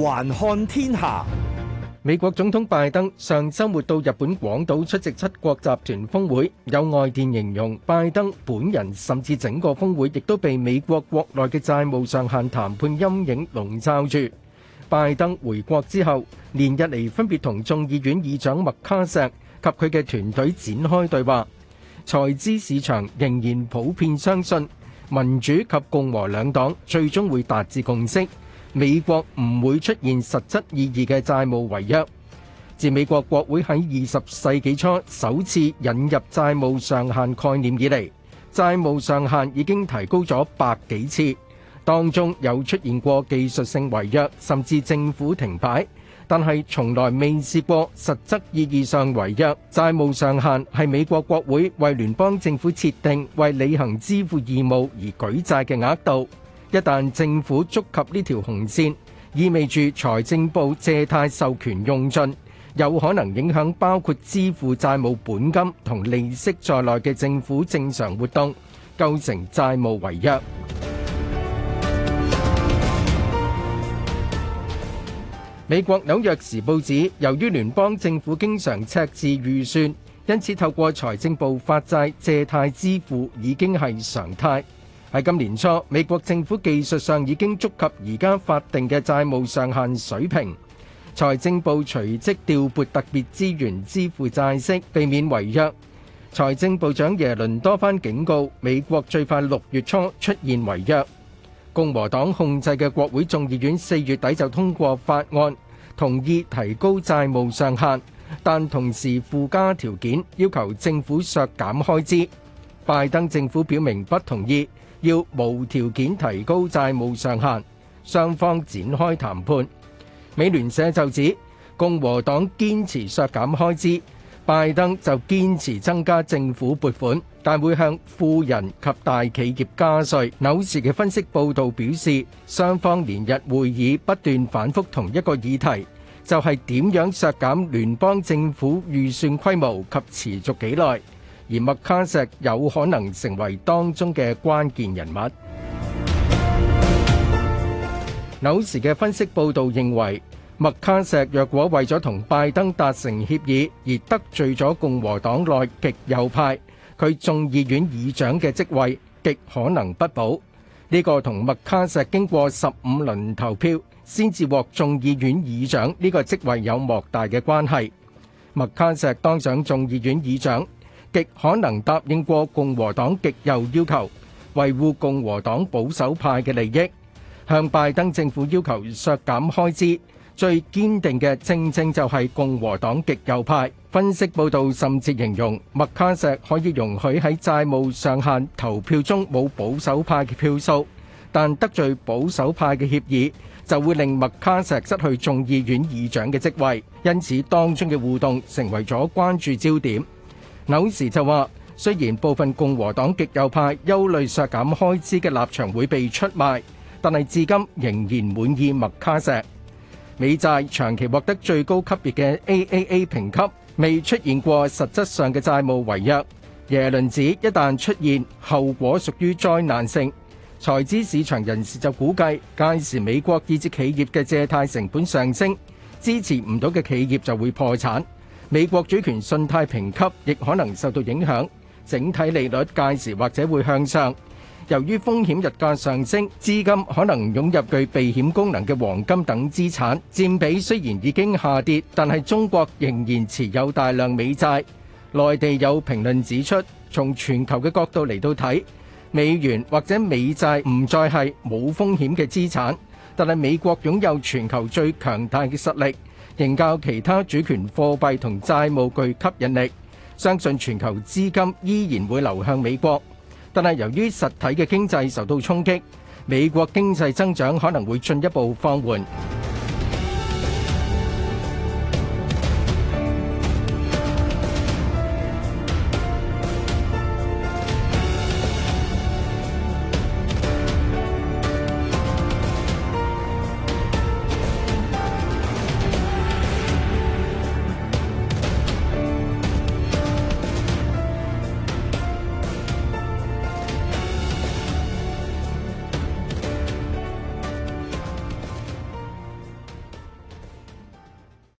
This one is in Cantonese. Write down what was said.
環看天下，美國總統拜登上周末到日本廣島出席七國集團峰會，有外電形容拜登本人甚至整個峰會亦都被美國國內嘅債務上限談判陰影籠罩住。拜登回國之後，連日嚟分別同眾議院議長麥卡錫及佢嘅團隊展開對話。財資市場仍然普遍相信民主及共和兩黨最終會達至共識。美國唔會出現實質意義嘅債務違約。自美國國會喺二十世紀初首次引入債務上限概念以嚟，債務上限已經提高咗百幾次，當中有出現過技術性違約，甚至政府停擺，但係從來未試過實質意義上違約。債務上限係美國國會為聯邦政府設定，為履行支付義務而舉債嘅額度。一旦政府觸及呢條紅線，意味住財政部借貸授，授權用盡，有可能影響包括支付債務本金同利息在內嘅政府正常活動，構成債務違約。美國紐約時報指，由於聯邦政府經常赤字預算，因此透過財政部發債借貸支付已經係常態。喺今年初，美國政府技術上已經觸及而家法定嘅債務上限水平，財政部隨即調撥特別資源支付債息，避免違約。財政部長耶倫多番警告，美國最快六月初出現違約。共和黨控制嘅國會眾議院四月底就通過法案，同意提高債務上限，但同時附加條件，要求政府削減開支。拜登政府表明不同意，要無條件提高債務上限，雙方展開談判。美聯社就指共和黨堅持削減開支，拜登就堅持增加政府撥款，但會向富人及大企業加稅。紐時嘅分析報導表示，雙方連日會議不斷反覆同一個議題，就係點樣削減聯邦政府預算規模及持續幾耐。而麥卡錫有可能成為當中嘅關鍵人物。紐時嘅分析報道認為，麥卡錫若果為咗同拜登達成協議而得罪咗共和黨內極右派，佢眾議院議長嘅職位極可能不保。呢個同麥卡錫經過十五輪投票先至獲眾議院議長呢個職位有莫大嘅關係。麥卡錫當上眾議院議長，極可能答應過共和黨極右要求，維護共和黨保守派嘅利益，向拜登政府要求削減開支。最堅定嘅，正正就係共和黨極右派。分析報道甚至形容麥卡錫可以容許喺債務上限投票中冇保守派嘅票數，但得罪保守派嘅協議就會令麥卡錫失去眾議院議長嘅職位。因此，當中嘅互動成為咗關注焦點。紐時就話，雖然部分共和黨極右派憂慮削減開支嘅立場會被出賣，但係至今仍然滿意麥卡錫。美債長期獲得最高級別嘅 AAA 評級，未出現過實質上嘅債務違約。耶倫指一旦出現，後果屬於災難性。財資市場人士就估計，屆時美國以至企業嘅借貸成本上升，支持唔到嘅企業就會破產。美國主權信貸評級亦可能受到影響，整體利率屆時或者會向上。由於風險日價上升，資金可能湧入具避險功能嘅黃金等資產，佔比雖然已經下跌，但係中國仍然持有大量美債。內地有評論指出，從全球嘅角度嚟到睇，美元或者美債唔再係冇風險嘅資產，但係美國擁有全球最強大嘅實力。仍較其他主權貨幣同債務具吸引力，相信全球資金依然會流向美國，但係由於實體嘅經濟受到衝擊，美國經濟增長可能會進一步放緩。